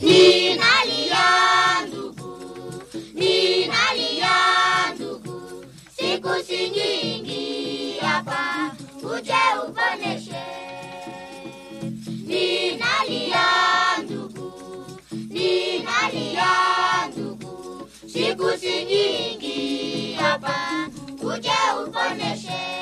Ninalia ndugu, ninalia ndugu, siku sinyingi hapa, uje siku si nyingi hapa, uje uponeshe.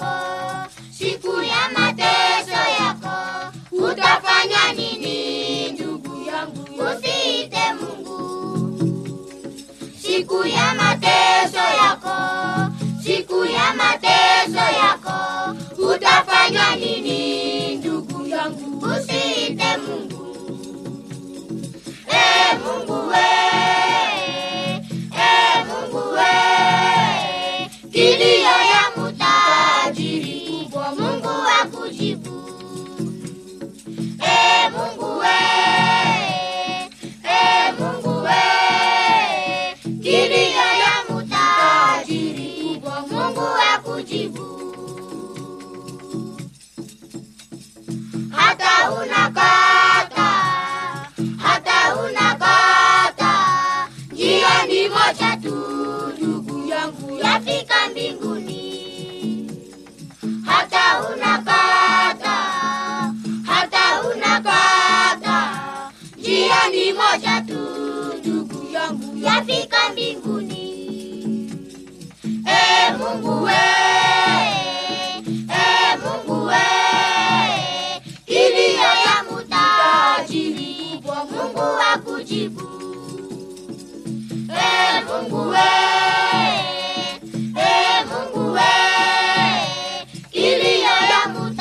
unakata, hata unakata. Njia ni moja tu, ndugu yangu, yafika mbinguni. Hata hata Njia ni moja tu, ndugu yangu, yafika mbinguni. E Mungu wewe Mungu we, ee Mungu we, kilio ya Mungu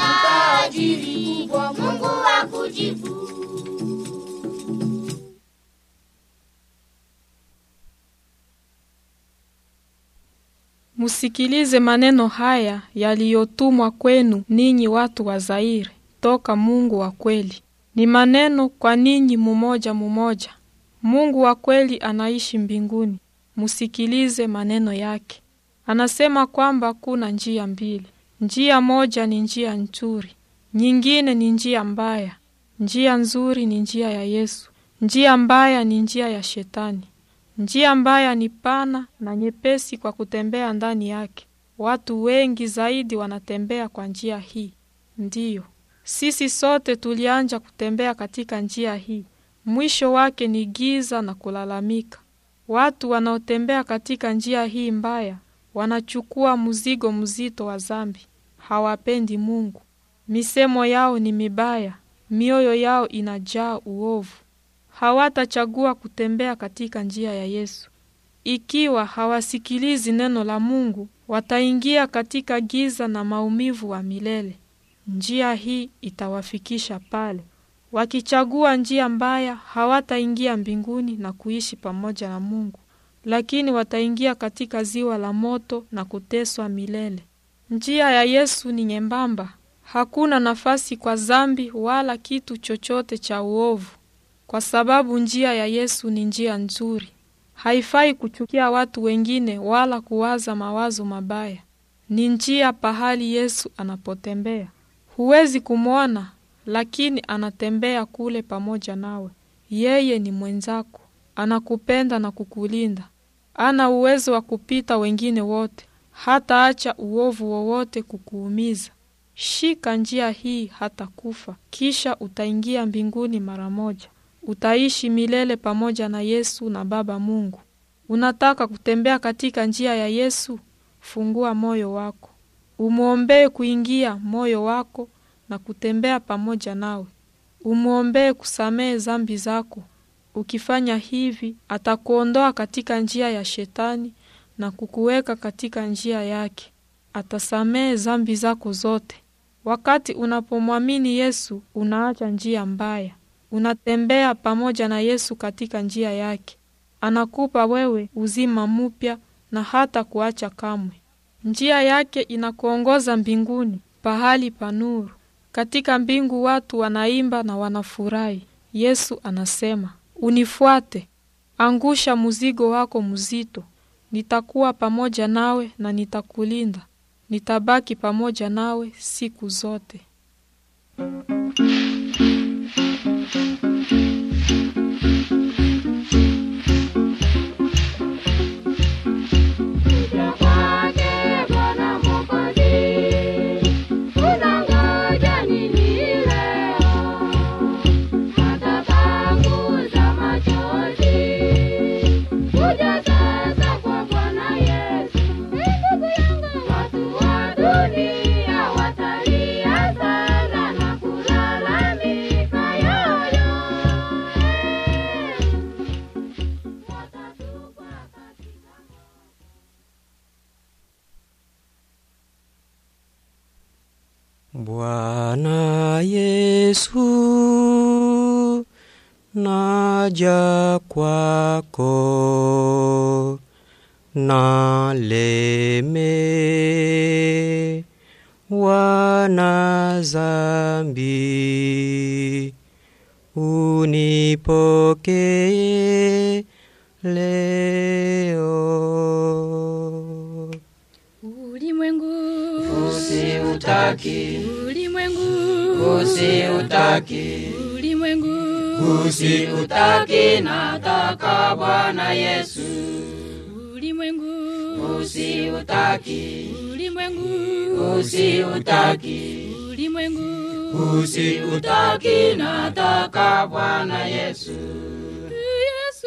Musikilize maneno haya yaliyotumwa kwenu ninyi watu wa Zaire toka Mungu wa kweli. Ni maneno kwa ninyi mumoja mumoja. Mungu wa kweli anaishi mbinguni musikilize maneno yake. Anasema kwamba kuna njia mbili, njia moja ni njia nzuri, nyingine ni njia mbaya. Njia nzuri ni njia ya Yesu, njia mbaya ni njia ya Shetani. Njia mbaya ni pana na nyepesi kwa kutembea ndani yake. Watu wengi zaidi wanatembea kwa njia hii. Ndiyo, sisi sote tulianja kutembea katika njia hii. Mwisho wake ni giza na kulalamika. Watu wanaotembea katika njia hii mbaya wanachukua mzigo mzito wa zambi, hawapendi Mungu. Misemo yao ni mibaya, mioyo yao inajaa uovu. Hawatachagua kutembea katika njia ya Yesu. Ikiwa hawasikilizi neno la Mungu, wataingia katika giza na maumivu wa milele. Njia hii itawafikisha pale. Wakichagua njia mbaya hawataingia mbinguni na kuishi pamoja na Mungu, lakini wataingia katika ziwa la moto na kuteswa milele. Njia ya Yesu ni nyembamba, hakuna nafasi kwa zambi wala kitu chochote cha uovu, kwa sababu njia ya Yesu ni njia nzuri. Haifai kuchukia watu wengine wala kuwaza mawazo mabaya. Ni njia pahali Yesu anapotembea. Huwezi kumwona lakini anatembea kule pamoja nawe. Yeye ni mwenzako, anakupenda na kukulinda, ana uwezo wa kupita wengine wote, hata acha uovu wowote kukuumiza. Shika njia hii hata kufa, kisha utaingia mbinguni mara moja. Utaishi milele pamoja na Yesu na Baba Mungu. Unataka kutembea katika njia ya Yesu? Fungua moyo wako, umwombee kuingia moyo wako na kutembea pamoja nawe. Umwombee kusamehe zambi zako. Ukifanya hivi, atakuondoa katika njia ya shetani na kukuweka katika njia yake. Atasamehe zambi zako zote. Wakati unapomwamini Yesu, unaacha njia mbaya, unatembea pamoja na Yesu katika njia yake. Anakupa wewe uzima mupya na hata kuacha kamwe. Njia yake inakuongoza mbinguni, pahali pa nuru. Katika mbingu watu wanaimba na wanafurahi. Yesu anasema, unifuate, angusha mzigo wako mzito, nitakuwa pamoja nawe na nitakulinda, nitabaki pamoja nawe siku zote. unipokee leo. Ulimwengu usiutaki, ulimwengu usiutaki, ulimwengu usiutaki, nataka Bwana Yesu. Ulimwengu usiutaki, ulimwengu usiutaki, ulimwengu usikutaki nataka bwana yesu yesu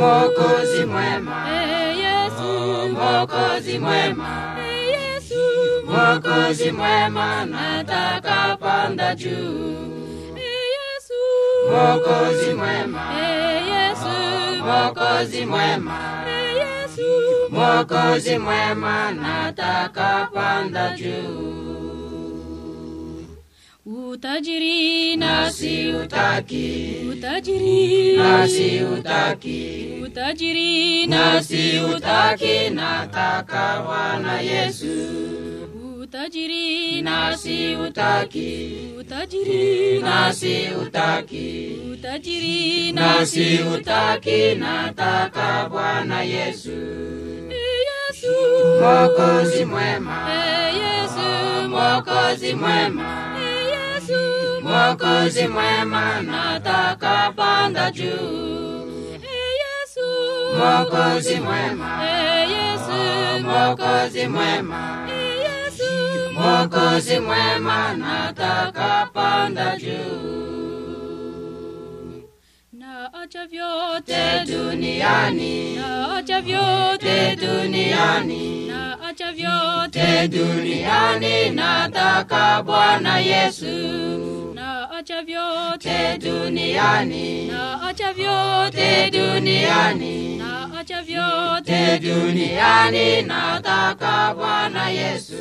mokozi mwema hey, yesu oh, mokozi mwema hey, yesu mokozi mwema nataka panda juu hey, yesu mokozi mwema hey, yesu oh, mokozi mwema hey, yesu mokozi mwema nataka panda juu Utajiri nasi utaki, utajiri nasi utaki, utajiri nasi utaki, nataka Bwana Yesu. Utajiri nasi utaki, utajiri nasi utaki, utajiri nasi utaki, nataka Bwana Yesu. E Yesu, Mwokozi mwema, e Yesu, Mwokozi mwema mwokozi mwema natakapanda juu e yesu mwema mwokozi mwema e yesu ee juu vyote duniani vyote duniani nataka bwana yesu acha vyote duniani, na acha vyote duniani, na acha vyote duniani, nataka Bwana Yesu,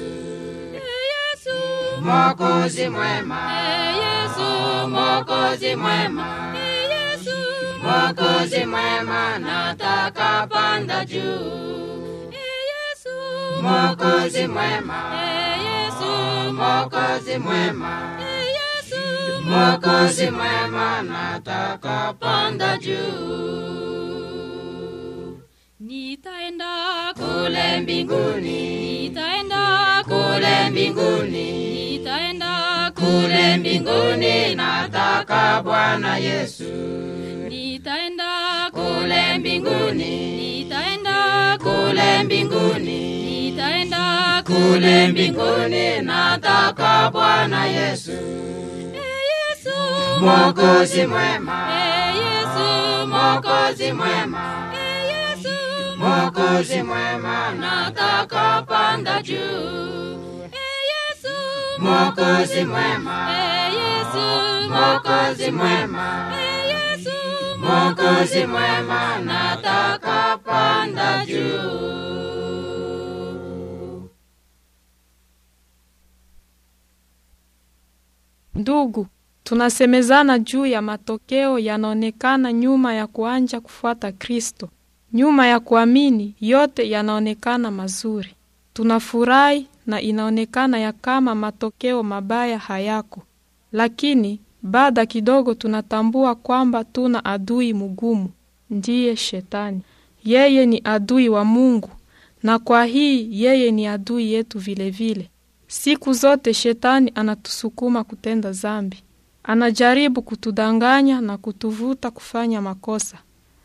e, Yesu mwokozi mwema, e, Yesu mwokozi mwema, e, Yesu mwokozi mwema, nataka panda juu, Yesu mwokozi mwema, Yesu mwokozi mwema, Yesu, mwema. Mwokozi mwema nataka panda juu. Nitaenda kule mbinguni, nitaenda kule mbinguni, nitaenda kule mbinguni, nataka Bwana Yesu. Nitaenda kule mbinguni, nitaenda kule mbinguni, kule mbinguni, nataka Bwana Yesu. Mwokozi mwema, ee Yesu, Mwokozi mwema, ee Yesu, Mwokozi mwema, nataka panda juu. Ee Yesu, Mwokozi mwema, Yesu, Mwokozi mwema, Yesu, Mwokozi mwema, nataka panda juu. Ndugu, Tunasemezana juu ya matokeo yanaonekana nyuma ya kuanja kufuata Kristo. Nyuma ya kuamini, yote yanaonekana mazuri, tunafurahi na inaonekana ya kama matokeo mabaya hayako, lakini baada kidogo tunatambua kwamba tuna adui mgumu, ndiye Shetani. Yeye ni adui wa Mungu, na kwa hii yeye ni adui yetu vilevile vile. Siku zote Shetani anatusukuma kutenda zambi. Anajaribu kutudanganya na kutuvuta kufanya makosa.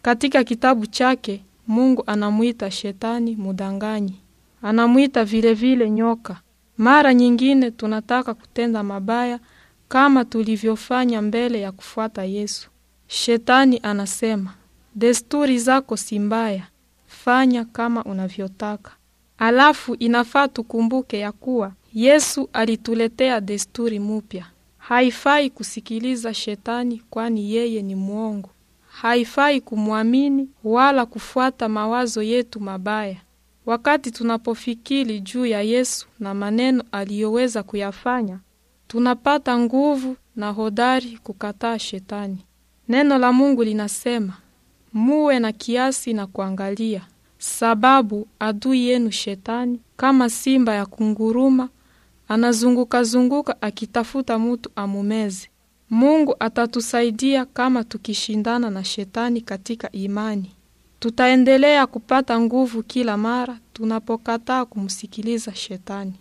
Katika kitabu chake Mungu anamwita shetani mudanganyi, anamwita vilevile nyoka. Mara nyingine tunataka kutenda mabaya kama tulivyofanya mbele ya kufuata Yesu. Shetani anasema desturi zako si mbaya, fanya kama unavyotaka. Alafu inafaa tukumbuke ya kuwa Yesu alituletea desturi mupya. Haifai kusikiliza shetani kwani yeye ni mwongo. Haifai kumwamini wala kufuata mawazo yetu mabaya. Wakati tunapofikiri juu ya Yesu na maneno aliyoweza kuyafanya, tunapata nguvu na hodari kukataa shetani. Neno la Mungu linasema, muwe na kiasi na kuangalia, sababu adui yenu shetani kama simba ya kunguruma anazungukazunguka akitafuta mutu amumeze. Mungu atatusaidia kama tukishindana na shetani katika imani. Tutaendelea kupata nguvu kila mara tunapokataa kumsikiliza shetani.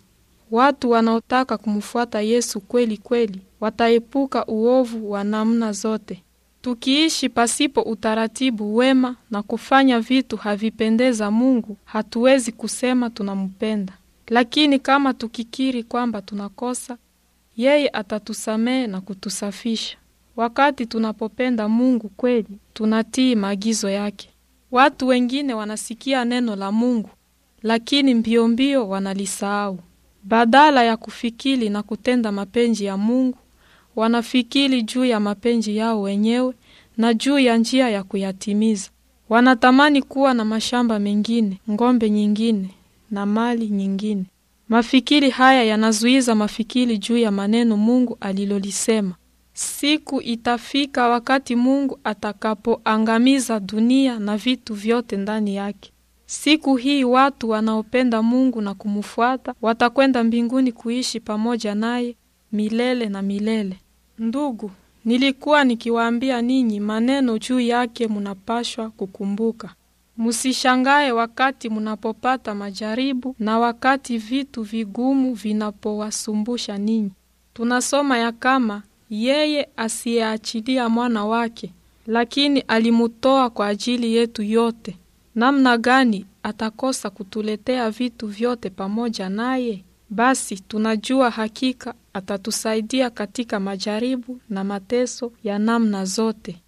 Watu wanaotaka kumfuata Yesu kweli kweli wataepuka uovu wa namna zote. Tukiishi pasipo utaratibu wema na kufanya vitu havipendeza Mungu, hatuwezi kusema tunampenda. Lakini kama tukikiri kwamba tunakosa, yeye atatusamehe na kutusafisha. Wakati tunapopenda Mungu kweli, tunatii maagizo yake. Watu wengine wanasikia neno la Mungu, lakini mbio mbio wanalisahau. Badala ya kufikiri na kutenda mapenzi ya Mungu, wanafikiri juu ya mapenzi yao wenyewe na juu ya njia ya kuyatimiza. Wanatamani kuwa na mashamba mengine, ng'ombe nyingine na mali nyingine. Mafikiri haya yanazuiza mafikiri juu ya maneno Mungu alilolisema. Siku itafika wakati Mungu atakapoangamiza dunia na vitu vyote ndani yake. Siku hii watu wanaopenda Mungu na kumufuata watakwenda mbinguni kuishi pamoja naye milele na milele. Ndugu, nilikuwa nikiwaambia ninyi maneno juu yake munapashwa kukumbuka. Musishangae wakati munapopata majaribu na wakati vitu vigumu vinapowasumbusha ninyi. Tunasoma ya kama yeye asiyeachilia mwana wake, lakini alimutoa kwa ajili yetu yote, namna gani atakosa kutuletea vitu vyote pamoja naye? Basi tunajua hakika atatusaidia katika majaribu na mateso ya namna zote.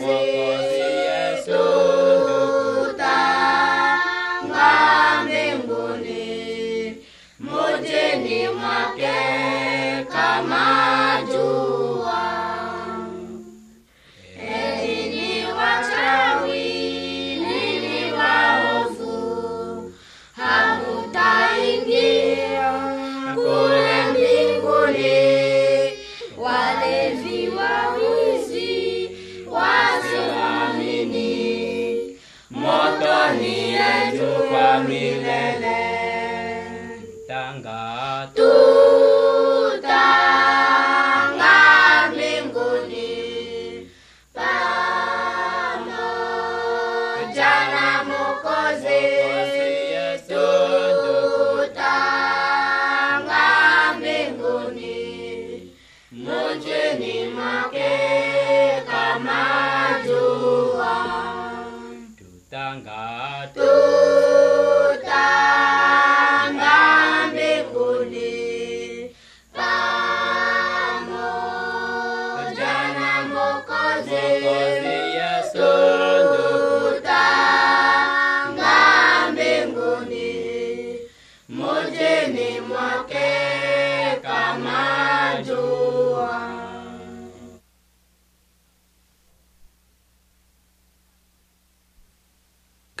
was family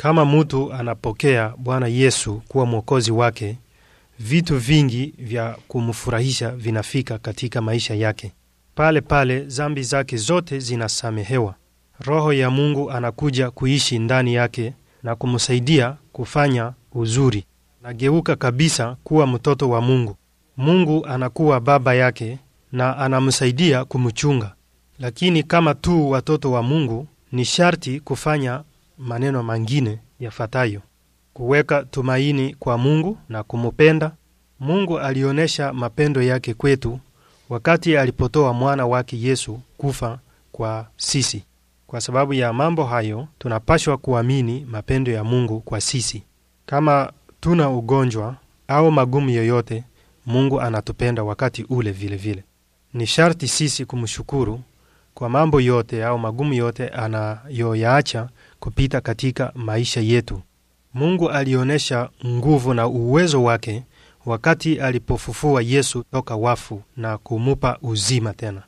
Kama mtu anapokea Bwana Yesu kuwa mwokozi wake, vitu vingi vya kumfurahisha vinafika katika maisha yake. Pale pale zambi zake zote zinasamehewa. Roho ya Mungu anakuja kuishi ndani yake na kumsaidia kufanya uzuri. Nageuka kabisa kuwa mtoto wa Mungu. Mungu anakuwa baba yake na anamsaidia kumchunga. Lakini kama tu watoto wa Mungu, ni sharti kufanya maneno mangine yafatayo: kuweka tumaini kwa Mungu na kumupenda. Mungu alionyesha mapendo yake kwetu wakati alipotoa mwana wake Yesu kufa kwa sisi. Kwa sababu ya mambo hayo, tunapashwa kuamini mapendo ya Mungu kwa sisi. Kama tuna ugonjwa au magumu yoyote, Mungu anatupenda wakati ule vile vile. Ni sharti sisi kumshukuru kwa mambo yote au magumu yote anayoyaacha kupita katika maisha yetu. Mungu alionyesha nguvu na uwezo wake wakati alipofufua Yesu toka wafu na kumupa uzima tena.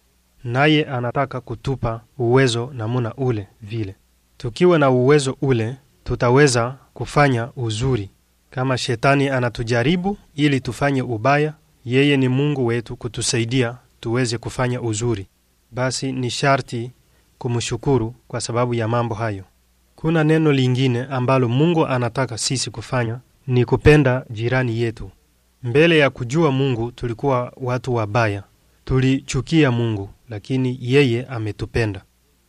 Naye anataka kutupa uwezo namuna ule vile. Tukiwa na uwezo ule, tutaweza kufanya uzuri. Kama shetani anatujaribu ili tufanye ubaya, yeye ni Mungu wetu kutusaidia tuweze kufanya uzuri. Basi ni sharti kumshukuru kwa sababu ya mambo hayo. Kuna neno lingine ambalo Mungu anataka sisi kufanya ni kupenda jirani yetu. Mbele ya kujua Mungu tulikuwa watu wabaya, tulichukia Mungu, lakini yeye ametupenda.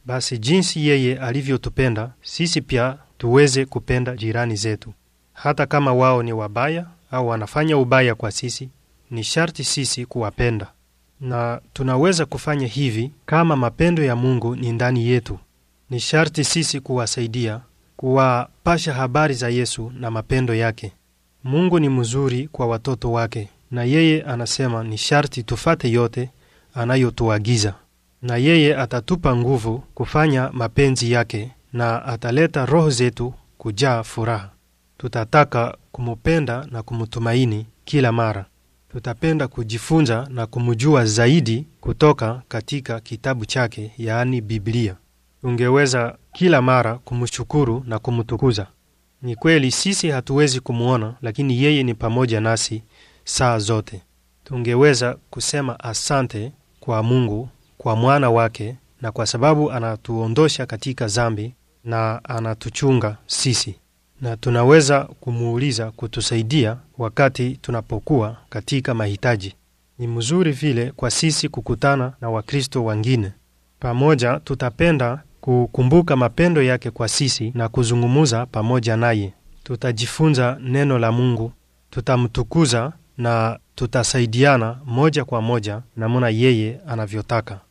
Basi jinsi yeye alivyotupenda, sisi pia tuweze kupenda jirani zetu, hata kama wao ni wabaya au wanafanya ubaya kwa sisi, ni sharti sisi kuwapenda, na tunaweza kufanya hivi kama mapendo ya Mungu ni ndani yetu ni sharti sisi kuwasaidia, kuwapasha habari za Yesu na mapendo yake. Mungu ni mzuri kwa watoto wake, na yeye anasema ni sharti tufate yote anayotuagiza, na yeye atatupa nguvu kufanya mapenzi yake na ataleta roho zetu kujaa furaha. Tutataka kumupenda na kumutumaini kila mara. Tutapenda kujifunza na kumujua zaidi kutoka katika kitabu chake, yaani Biblia ungeweza kila mara kumshukuru na kumtukuza. Ni kweli sisi hatuwezi kumwona, lakini yeye ni pamoja nasi saa zote. Tungeweza kusema asante kwa Mungu, kwa mwana wake, na kwa sababu anatuondosha katika zambi na anatuchunga sisi, na tunaweza kumuuliza kutusaidia wakati tunapokuwa katika mahitaji. Ni mzuri vile kwa sisi kukutana na Wakristo wengine pamoja, tutapenda kukumbuka mapendo yake kwa sisi na kuzungumuza pamoja naye. Tutajifunza neno la Mungu, tutamtukuza na tutasaidiana moja kwa moja namuna yeye anavyotaka.